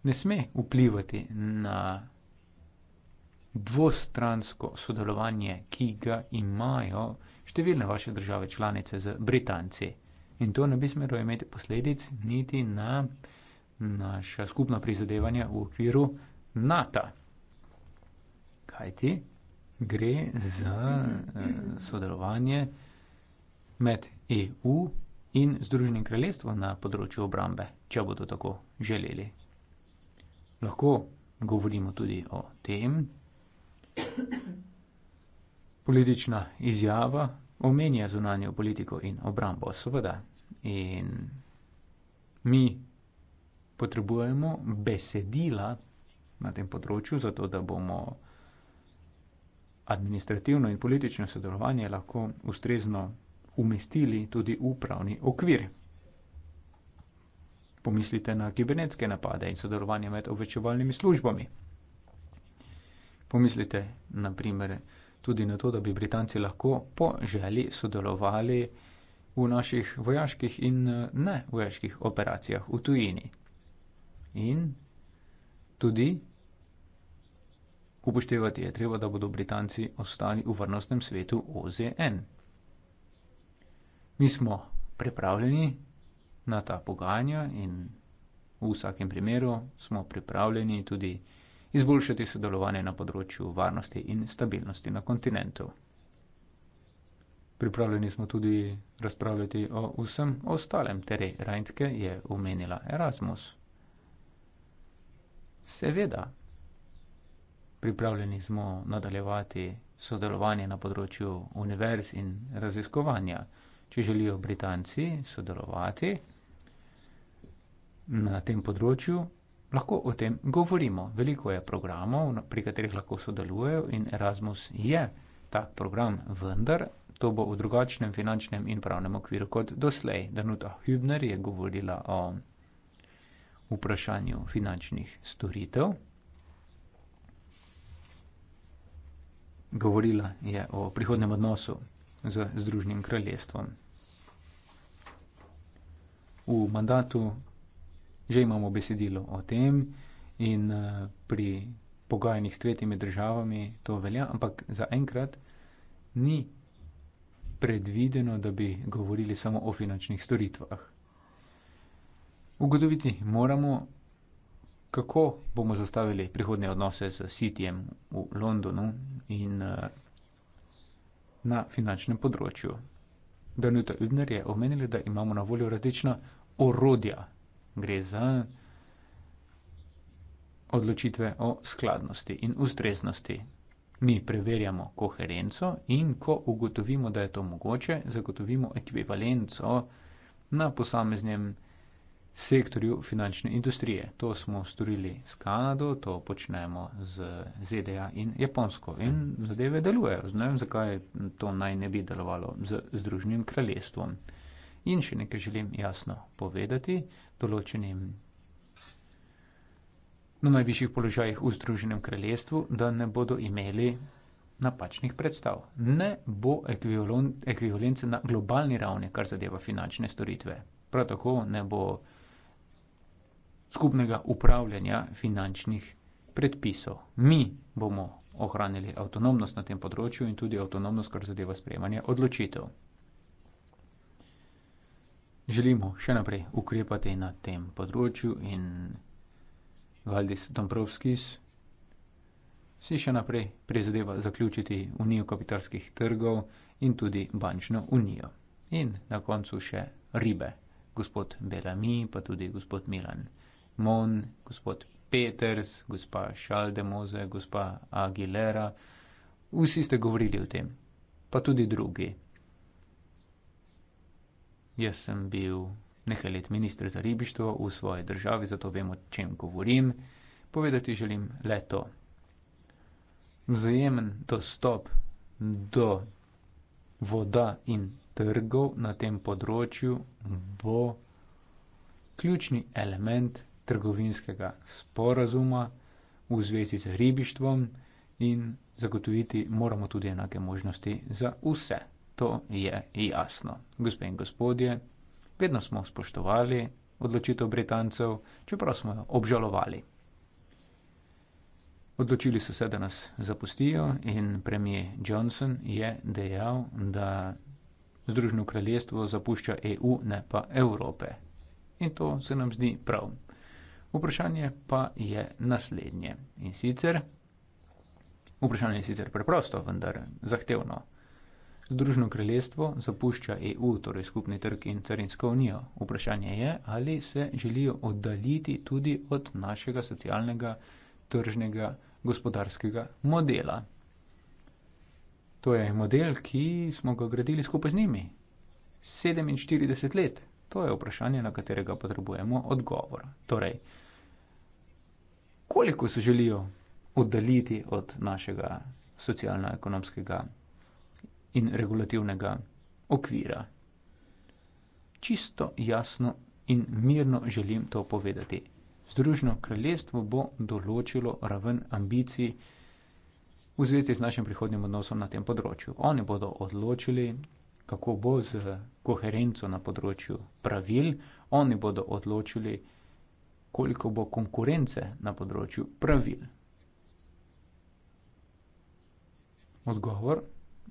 ne sme vplivati na dvostransko sodelovanje, ki ga imajo številne vaše države članice z Britanci. In to ne bi smelo imeti posledic niti na naša skupna prizadevanja v okviru NATO. Kaj ti? gre za eh, sodelovanje med EU in Združenim kraljestvom na področju obrambe, če bodo tako želeli. Lahko govorimo tudi o tem. Politična izjava omenja zunanjo politiko in obrambo, seveda. In mi potrebujemo besedila na tem področju, zato da bomo administrativno in politično sodelovanje lahko ustrezno umestili tudi v pravni okvir. Pomislite na kibernetske napade in sodelovanje med obveščevalnimi službami. Pomislite naprimer tudi na to, da bi Britanci lahko po želi sodelovali v naših vojaških in ne vojaških operacijah v tujini. In tudi Upoštevati je treba, da bodo Britanci ostali v varnostnem svetu OZN. Mi smo pripravljeni na ta pogajanja in v vsakem primeru smo pripravljeni tudi izboljšati sodelovanje na področju varnosti in stabilnosti na kontinentu. Pripravljeni smo tudi razpravljati o vsem ostalem, ter Reintke je omenila Erasmus. Seveda pripravljeni smo nadaljevati sodelovanje na področju univerz in raziskovanja. Če želijo Britanci sodelovati na tem področju, lahko o tem govorimo. Veliko je programov, pri katerih lahko sodelujejo in Erasmus je tak program, vendar to bo v drugačnem finančnem in pravnem okviru kot doslej. Danuta Hübner je govorila o vprašanju finančnih storitev. govorila je o prihodnem odnosu z Združnim kraljestvom. V mandatu že imamo besedilo o tem in eh, pri pogajanjih s tretjimi državami to velja, ampak za enkrat ni predvideno, da bi govorili samo o finančnih storitvah. Ugotoviti moramo, kako bomo zastavili prihodnje odnose z CITIEM v Londonu in eh, na finančnem področju. Danuta Ubner je omenila, da imamo na voljo različna orodja. Gre za odločitve o skladnosti in ustreznosti. Mi preverjamo koherenco in ko ugotovimo, da je to mogoče, zagotovimo ekvivalenco na posameznem področju sektorju finančne industrije. To smo storili s Kanado, to počnemo z ZDA in Japonsko. In zadeve delujejo. Ne vem, zakaj to naj ne bi delovalo z Združenim kraljestvom. In še nekaj želim jasno povedati določenim na najvišjih položajih v Združenem kraljestvu, da ne bodo imeli napačnih predstav. Ne bo ekvivalence na globalni ravni, kar zadeva finančne storitve. Prav tako ne bo skupnega upravljanja finančnih predpisov. Mi bomo ohranili avtonomnost na tem področju in tudi avtonomnost, kar zadeva sprejemanje odločitev. Želimo še naprej ukrepati na tem področju in Valdis Dombrovskis si še naprej prizadeva zaključiti unijo kapitalskih trgov in tudi bančno unijo. In na koncu še ribe, gospod Belami, pa tudi gospod Milan. Mon, gospod Peters, gospa Šaldemoze, gospa Aguilera, vsi ste govorili o tem, pa tudi drugi. Jaz sem bil nekaj let ministr za ribištvo v svoji državi, zato vem, o čem govorim. Povedati želim le to. Vzajemen dostop do voda in trgov na tem področju bo ključni element trgovinskega sporazuma v zvezi z ribištvom in zagotoviti moramo tudi enake možnosti za vse. To je jasno. Gospe in gospodje, vedno smo spoštovali odločitev Britancev, čeprav smo jo obžalovali. Odločili so se, da nas zapustijo in premijer Johnson je dejal, da Združeno kraljestvo zapušča EU, ne pa Evrope. In to se nam zdi prav. Vprašanje pa je naslednje. In sicer, vprašanje je sicer preprosto, vendar zahtevno. Združeno kraljestvo zapušča EU, torej skupni trg in carinsko unijo. Vprašanje je, ali se želijo oddaljiti tudi od našega socialnega, tržnega, gospodarskega modela. To je model, ki smo ga gradili skupaj z njimi. 47 let. To je vprašanje, na katerega potrebujemo odgovor. Torej, koliko se želijo oddaljiti od našega socialno-ekonomskega in regulativnega okvira. Čisto jasno in mirno želim to povedati. Združno kraljestvo bo določilo raven ambicij v zvezi z našim prihodnjim odnosom na tem področju. Oni bodo odločili, kako bo z koherenco na področju pravil, oni bodo odločili, koliko bo konkurence na področju pravil? Odgovor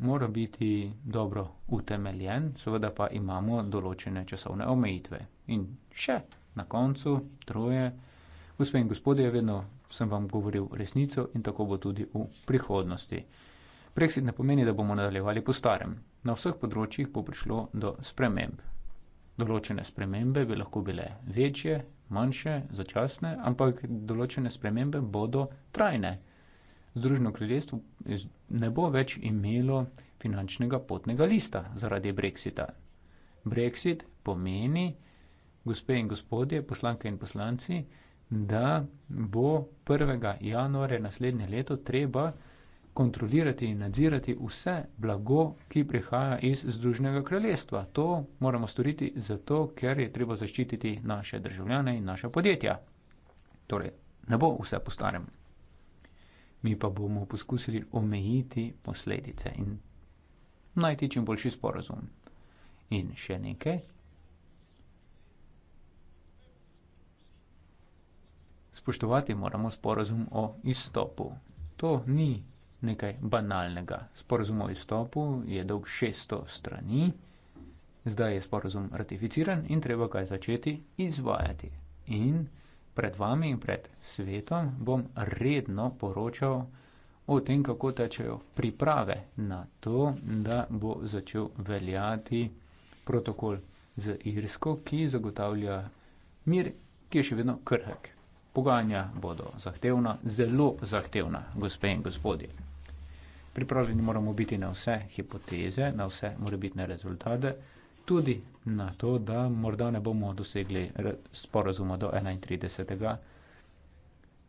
mora biti dobro utemeljen, seveda pa imamo določene časovne omejitve. In še na koncu, troje, gospe in gospodje, vedno sem vam govoril resnico in tako bo tudi v prihodnosti. Brexit ne pomeni, da bomo nadaljevali po starem. Na vseh področjih bo prišlo do sprememb. Določene spremembe bi lahko bile večje, manjše, začasne, ampak določene spremembe bodo trajne. Združeno kraljestvo ne bo več imelo finančnega potnega lista zaradi Brexita. Brexit pomeni, gospe in gospodje, poslanke in poslanci, da bo 1. januarja naslednje leto treba kontrolirati in nadzirati vse blago, ki prihaja iz Združenega kraljestva. To moramo storiti zato, ker je treba zaščititi naše državljane in naša podjetja. Torej, ne bo vse po starem. Mi pa bomo poskusili omejiti posledice in najti čim boljši sporozum. In še nekaj. Spoštovati moramo sporozum o izstopu. To ni nekaj banalnega. Sporazum o izstopu je dolg 600 strani, zdaj je sporazum ratificiran in treba ga začeti izvajati. In pred vami in pred svetom bom redno poročal o tem, kako tečejo priprave na to, da bo začel veljati protokol z Irsko, ki zagotavlja mir, ki je še vedno krhek. Pogajanja bodo zahtevna, zelo zahtevna, gospe in gospodje. Pripravljeni moramo biti na vse hipoteze, na vse morebitne rezultate, tudi na to, da morda ne bomo dosegli sporazuma do 31.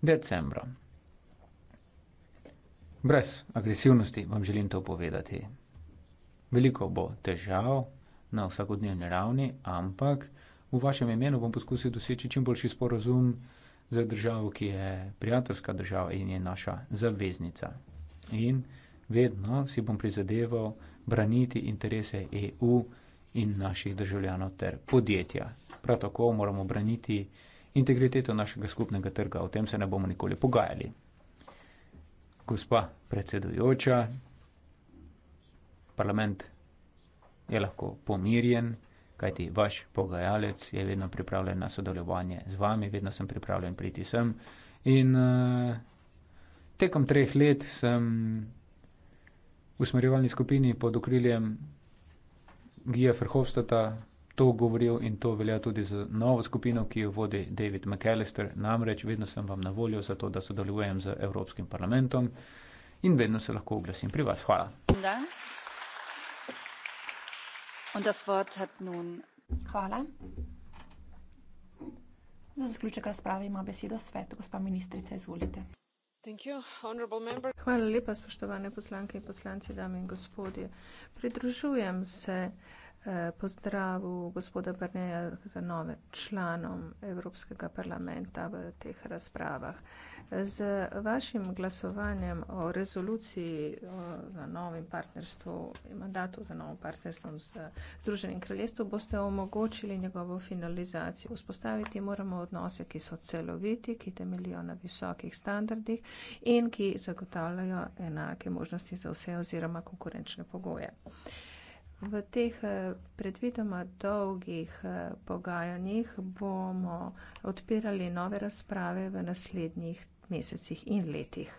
decembra. Brez agresivnosti vam želim to povedati. Veliko bo težav na vsakodnevni ravni, ampak v vašem imenu bom poskusil doseči čim boljši sporazum za državo, ki je prijateljska država in je naša zaveznica. In vedno si bom prizadeval braniti interese EU in naših državljanov ter podjetja. Prav tako moramo braniti integriteto našega skupnega trga, o tem se ne bomo nikoli pogajali. Gospa predsedujoča, parlament je lahko pomirjen kajti vaš pogajalec je vedno pripravljen na sodelovanje z vami, vedno sem pripravljen priti sem. In uh, tekom treh let sem v usmerjevalni skupini pod okriljem Gija Ferhovstata to govoril in to velja tudi za novo skupino, ki jo vodi David McAllister. Namreč vedno sem vam na voljo za to, da sodelujem z Evropskim parlamentom in vedno se lahko oglasim pri vas. Hvala. Da. Hvala. Za zaključek razprave ima besedo svet. Gospa ministrica, izvolite. Hvala lepa, spoštovane poslanke in poslanci, dame in gospodje. Pridružujem se Eh, pozdravu gospoda Brneja za nove članom Evropskega parlamenta v teh razpravah. Z vašim glasovanjem o rezoluciji za novim partnerstvu, mandatu za novo partnerstvo z Združenim kraljestvom boste omogočili njegovo finalizacijo. Vzpostaviti moramo odnose, ki so celoviti, ki temelijo na visokih standardih in ki zagotavljajo enake možnosti za vse oziroma konkurenčne pogoje. V teh eh, predvidoma dolgih eh, pogajanjih bomo odpirali nove razprave v naslednjih mesecih in letih.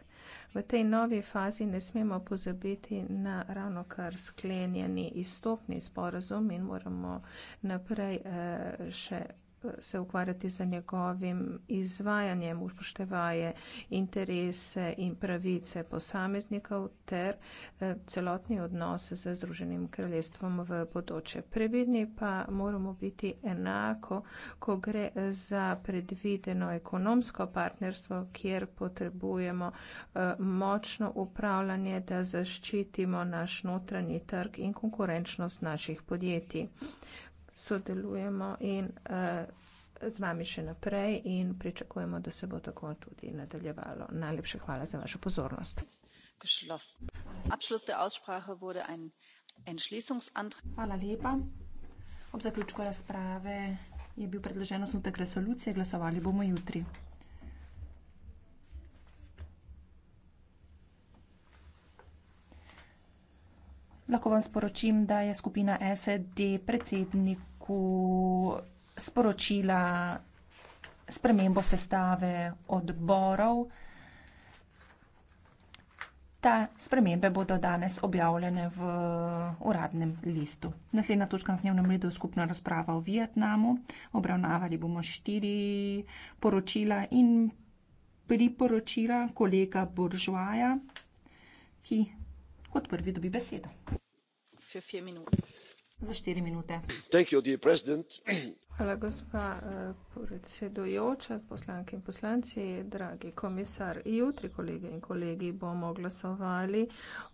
V tej novi fazi ne smemo pozabiti na ravno kar sklenjeni izstopni sporazum in moramo naprej eh, še se ukvarjati za njegovim izvajanjem, upoštevaje interese in pravice posameznikov ter eh, celotni odnos z Združenim kraljestvom v bodoče. Previdni pa moramo biti enako, ko gre za predvideno ekonomsko partnerstvo, kjer potrebujemo eh, močno upravljanje, da zaščitimo naš notranji trg in konkurenčnost naših podjetij sodelujemo in uh, z vami še naprej in pričakujemo, da se bo tako tudi nadaljevalo. Najlepše hvala za vašo pozornost. Hvala lepa. Ob zaključku razprave je bil predložen osnutek resolucije, glasovali bomo jutri. Lahko vam sporočim, da je skupina SED predsedniku sporočila spremembo sestave odborov. Ta spremembe bodo danes objavljene v uradnem listu. Naslednja točka na dnevnem redu je skupna razprava o Vietnamu. Obravnavali bomo štiri poročila in priporočila kolega Buržvaja, ki Kot prvi dobi besedo. Za štiri minute. Thank you, dear president. Hvala, gospa eh, predsedujoča, poslanke in poslanci, dragi komisar. Jutri, kolege in kolegi, bomo glasovali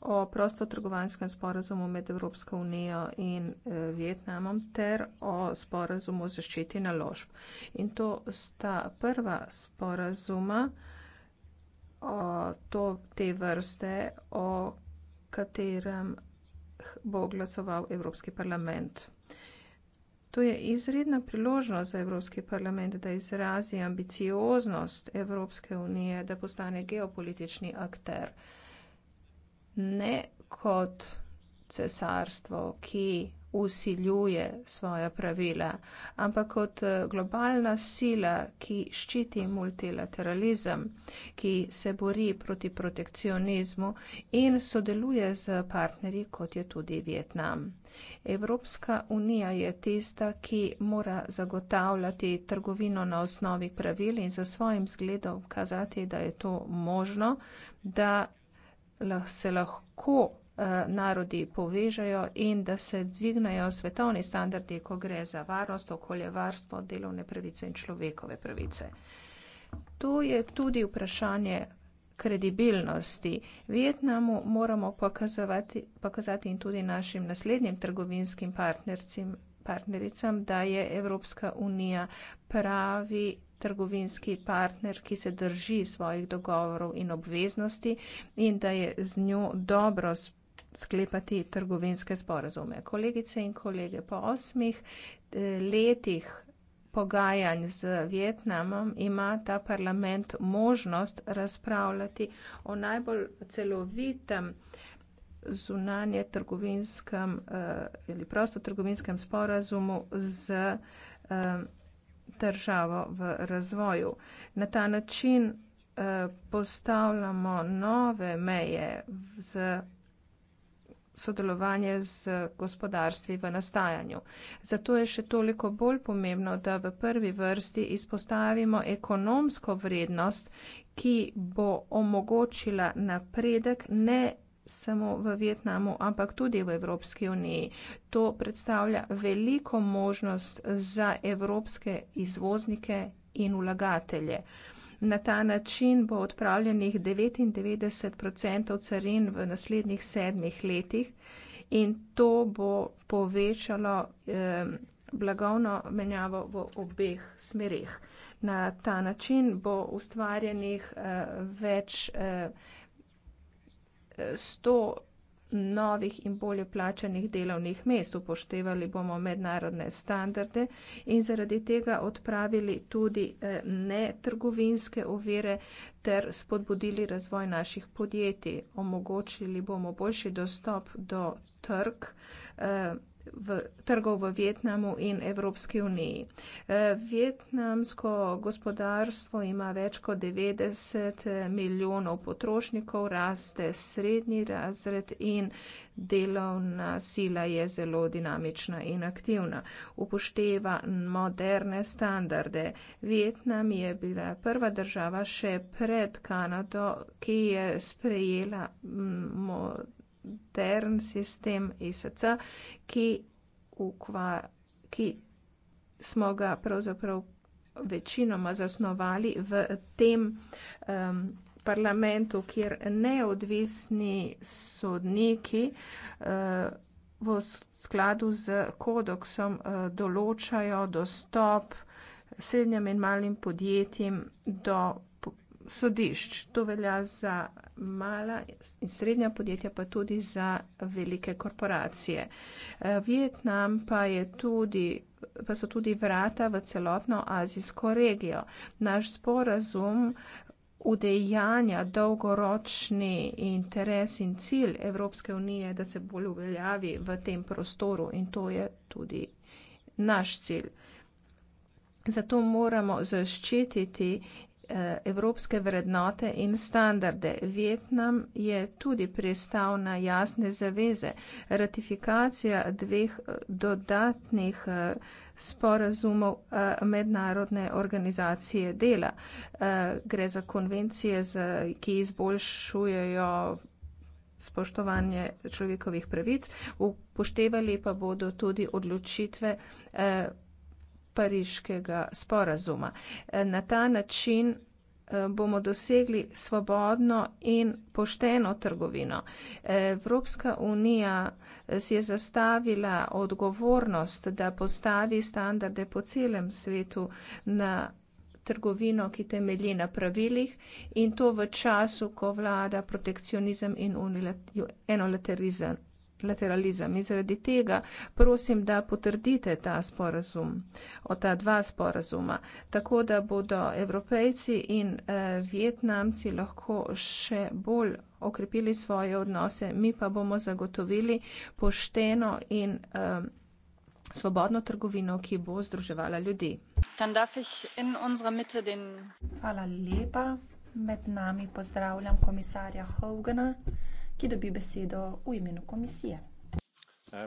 o prostotrgovanskem sporazumu med Evropsko unijo in eh, Vietnamom ter o sporazumu o zaščiti naložb. In to sta prva sporazuma o to, te vrste, o katerem bo glasoval Evropski parlament. To je izredna priložnost za Evropski parlament, da izrazi ambicioznost Evropske unije, da postane geopolitični akter. Ne kot cesarstvo, ki usiljuje svoja pravila, ampak kot eh, globalna sila, ki ščiti multilateralizem, ki se bori proti protekcionizmu in sodeluje z partnerji, kot je tudi Vietnam. Evropska unija je tista, ki mora zagotavljati trgovino na osnovi pravil in za svojim zgledom kazati, da je to možno, da se lahko Eh, narodi povežajo in da se dvignejo svetovni standardi, ko gre za varnost, okoljevarstvo, delovne pravice in človekove pravice. To je tudi vprašanje kredibilnosti. Vietnamu moramo pokazati, pokazati in tudi našim naslednjim trgovinskim partnericam, da je Evropska unija pravi trgovinski partner, ki se drži svojih dogovorov in obveznosti in da je z njo dobro spoznati sklepati trgovinske sporazume. Kolegice in kolege, po osmih eh, letih pogajanj z Vietnamom ima ta parlament možnost razpravljati o najbolj celovitem zunanje trgovinskem eh, ali prostotrgovinskem sporazumu z eh, državo v razvoju. Na ta način eh, postavljamo nove meje z sodelovanje z gospodarstvi v nastajanju. Zato je še toliko bolj pomembno, da v prvi vrsti izpostavimo ekonomsko vrednost, ki bo omogočila napredek ne samo v Vietnamu, ampak tudi v Evropski uniji. To predstavlja veliko možnost za evropske izvoznike in vlagatelje. Na ta način bo odpravljenih 99 odstotkov carin v naslednjih sedmih letih in to bo povečalo eh, blagovno menjavo v obeh smerih. Na ta način bo ustvarjenih eh, več eh, 100 novih in bolje plačanih delovnih mest, upoštevali bomo mednarodne standarde in zaradi tega odpravili tudi eh, netrgovinske ovire ter spodbudili razvoj naših podjetij. Omogočili bomo boljši dostop do trg. Eh, v trgov v Vietnamu in Evropski uniji. E, vietnamsko gospodarstvo ima več kot 90 milijonov potrošnikov, raste srednji razred in delovna sila je zelo dinamična in aktivna. Upošteva moderne standarde. Vietnam je bila prva država še pred Kanado, ki je sprejela moderne modern sistem ESC, ki, ukva, ki smo ga pravzaprav večinoma zasnovali v tem um, parlamentu, kjer neodvisni sodniki uh, v skladu z kodoksom uh, določajo dostop srednjem in malim podjetjem do sodišč. To velja za mala in srednja podjetja, pa tudi za velike korporacije. Eh, Vietnam pa, tudi, pa so tudi vrata v celotno azijsko regijo. Naš sporazum udejanja dolgoročni interes in cilj Evropske unije, da se bolj uveljavi v tem prostoru in to je tudi naš cilj. Zato moramo zaščititi Eh, evropske vrednote in standarde. Vietnam je tudi pristal na jasne zaveze. Ratifikacija dveh eh, dodatnih eh, sporazumov mednarodne organizacije dela. Gre za konvencije, ki izboljšujejo spoštovanje človekovih pravic, upoštevali pa bodo tudi odločitve pariškega sporazuma. E, na ta način e, bomo dosegli svobodno in pošteno trgovino. E, Evropska unija si je zastavila odgovornost, da postavi standarde po celem svetu na trgovino, ki temelji na pravilih in to v času, ko vlada protekcionizem in enolaterizem lateralizem. In zaradi tega prosim, da potrdite ta sporazum, o ta dva sporazuma, tako da bodo evropejci in eh, vietnamci lahko še bolj okrepili svoje odnose, mi pa bomo zagotovili pošteno in eh, Svobodno trgovino, ki bo združevala ljudi. Hvala lepa. Med nami pozdravljam komisarja Hogana. Uh,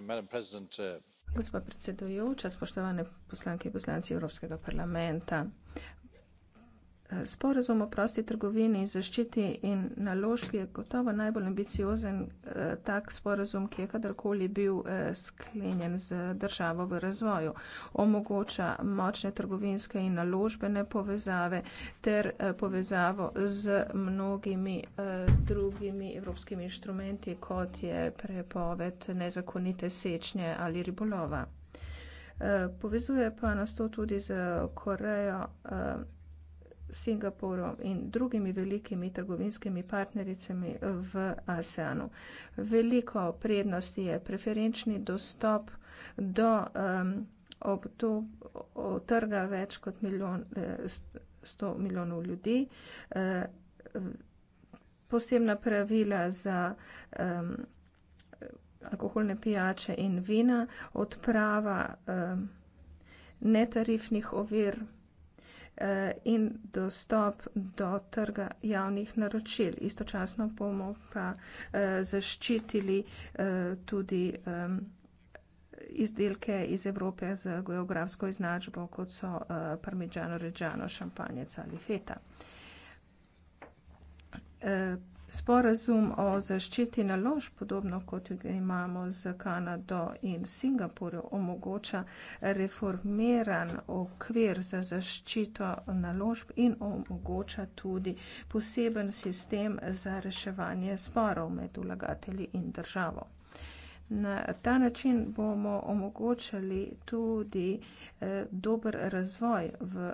uh, gospa predsedujoča spoštovane poslanke in poslanci evropskega parlamenta v prihodnjih letih bo evropska unija postala še bolj integrirana. Sporazum o prosti trgovini, zaščiti in naložbi je gotovo najbolj ambiciozen eh, tak sporazum, ki je kadarkoli bil eh, sklenjen z državo v razvoju. Omogoča močne trgovinske in naložbene povezave ter eh, povezavo z mnogimi drugimi evropskimi inštrumenti, kot je prepoved nezakonite sečnje ali ribolova. Povezuje pa nas to tudi z Korejo Singapurom in drugimi velikimi trgovinskimi partnericami v ASEANu. Veliko prednosti je preferenčni dostop do um, obdu, trga več kot milijon, 100 eh, milijonov ljudi, eh, posebna pravila za um, alkoholne pijače in vina, odprava um, netarifnih ovir. Eh, in dostop do trga javnih naročil. Istočasno bomo pa eh, zaščitili eh, tudi izdelke iz Evrope z geografsko iznačbo, kot so parmigiano, reggiano, šampanjec ali feta sporazum o zaščiti nalož, podobno kot ga imamo z Kanado in Singapurjo, omogoča reformiran okvir za zaščito nalož in omogoča tudi poseben sistem za reševanje sporov med vlagatelji in državo. Na ta način bomo omogočali tudi eh, dober razvoj v.